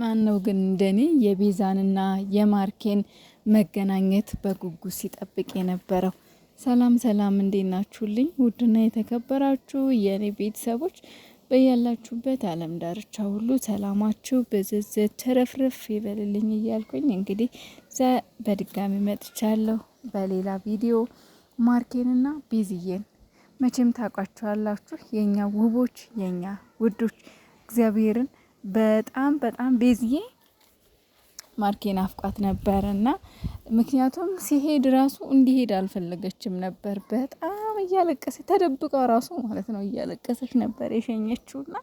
ማን ነው ግን እንደኔ የቤዛንና የማርኬን መገናኘት በጉጉት ሲጠብቅ የነበረው? ሰላም ሰላም፣ እንዴት ናችሁልኝ? ውድና የተከበራችሁ የኔ ቤተሰቦች በያላችሁበት ዓለም ዳርቻ ሁሉ ሰላማችሁ ብዝዝ ትርፍርፍ ይበልልኝ እያልኩኝ እንግዲህ በድጋሚ መጥቻለሁ በሌላ ቪዲዮ። ማርኬንና ቤዝዬን መቼም ታውቋቸዋላችሁ፣ የእኛ ውቦች፣ የእኛ ውዶች እግዚአብሔርን በጣም በጣም ቤዝዬ ማርኬ ናፍቋት ነበር እና ምክንያቱም ሲሄድ ራሱ እንዲሄድ አልፈለገችም ነበር። በጣም እያለቀሰች ተደብቃ ራሱ ማለት ነው እያለቀሰች ነበር የሸኘችውና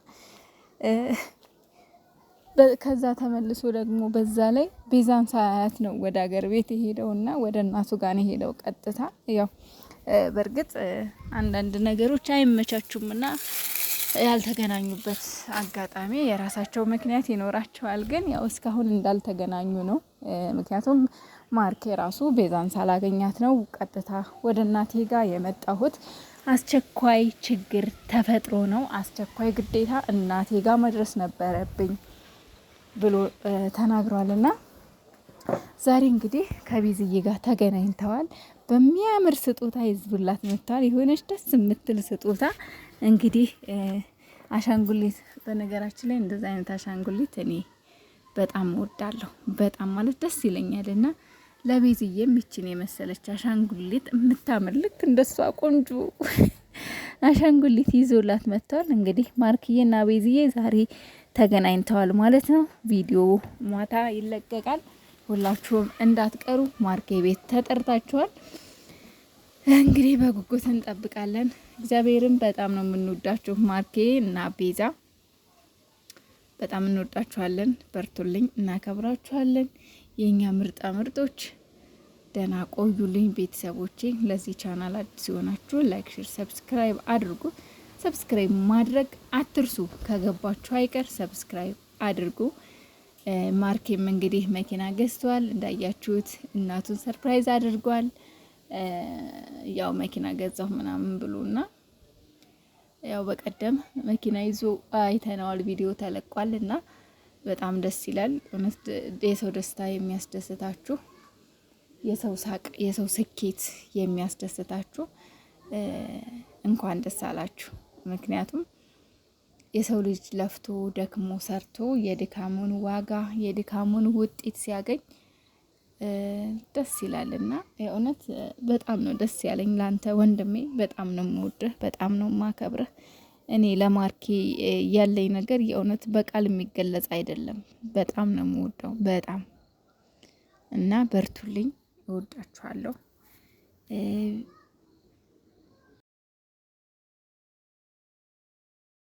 ከዛ ተመልሶ ደግሞ በዛ ላይ ቤዛን ሳያት ነው ወደ ሀገር ቤት የሄደውና ወደ እናቱ ጋር የሄደው ቀጥታ። ያው በእርግጥ አንዳንድ ነገሮች አይመቻቹምና ያልተገናኙበት አጋጣሚ የራሳቸው ምክንያት ይኖራቸዋል። ግን ያው እስካሁን እንዳልተገናኙ ነው። ምክንያቱም ማርኬ ራሱ ቤዛን ሳላገኛት ነው ቀጥታ ወደ እናቴ ጋር የመጣሁት። አስቸኳይ ችግር ተፈጥሮ ነው፣ አስቸኳይ ግዴታ እናቴ ጋር መድረስ ነበረብኝ ብሎ ተናግሯልና ዛሬ እንግዲህ ከቢዝዬ ጋር ተገናኝተዋል። በሚያምር ስጦታ ይዝብላት መጥተዋል። የሆነች ደስ የምትል ስጦታ እንግዲህ አሻንጉሊት፣ በነገራችን ላይ እንደዛ አይነት አሻንጉሊት እኔ በጣም ወዳለሁ በጣም ማለት ደስ ይለኛል እና ለቤዝዬም የመሰለች አሻንጉሊት የምታምር ልክ እንደሷ ቆንጆ አሻንጉሊት ይዞላት መጥቷል። እንግዲህ ማርክዬና ቤዝዬ ዛሬ ተገናኝተዋል ማለት ነው። ቪዲዮ ማታ ይለቀቃል። ሁላችሁም እንዳትቀሩ ማርኬ ቤት ተጠርታችኋል። እንግዲህ በጉጉት እንጠብቃለን። እግዚአብሔርን በጣም ነው የምንወዳችሁ። ማርኬ እና ቤዛ በጣም እንወዳችኋለን። በርቱልኝ፣ እናከብራችኋለን። የእኛ ምርጣ ምርጦች ደህና ቆዩልኝ ቤተሰቦቼ። ለዚህ ቻናል አዲስ የሆናችሁ ላይክ፣ ሽር፣ ሰብስክራይብ አድርጉ። ሰብስክራይብ ማድረግ አትርሱ። ከገባችሁ አይቀር ሰብስክራይብ አድርጉ። ማርኬም እንግዲህ መኪና ገዝቷል። እንዳያችሁት እናቱን ሰርፕራይዝ አድርጓል። ያው መኪና ገዛሁ ምናምን እና ያው በቀደም መኪና ይዞ አይተነዋል፣ ቪዲዮ ተለቋል እና በጣም ደስ ይላል። የሰው ደስታ የሚያስደስታችሁ፣ የሰው ሳቅ፣ የሰው ስኬት የሚያስደስታችሁ እንኳን ደስ አላችሁ። ምክንያቱም የሰው ልጅ ለፍቶ ደክሞ ሰርቶ የድካሙን ዋጋ የድካሙን ውጤት ሲያገኝ ደስ ይላል እና የእውነት በጣም ነው ደስ ያለኝ። ላንተ ወንድሜ በጣም ነው የምወድህ፣ በጣም ነው የማከብርህ። እኔ ለማርኬ ያለኝ ነገር የእውነት በቃል የሚገለጽ አይደለም። በጣም ነው የምወደው በጣም እና በርቱልኝ፣ እወዳችኋለሁ።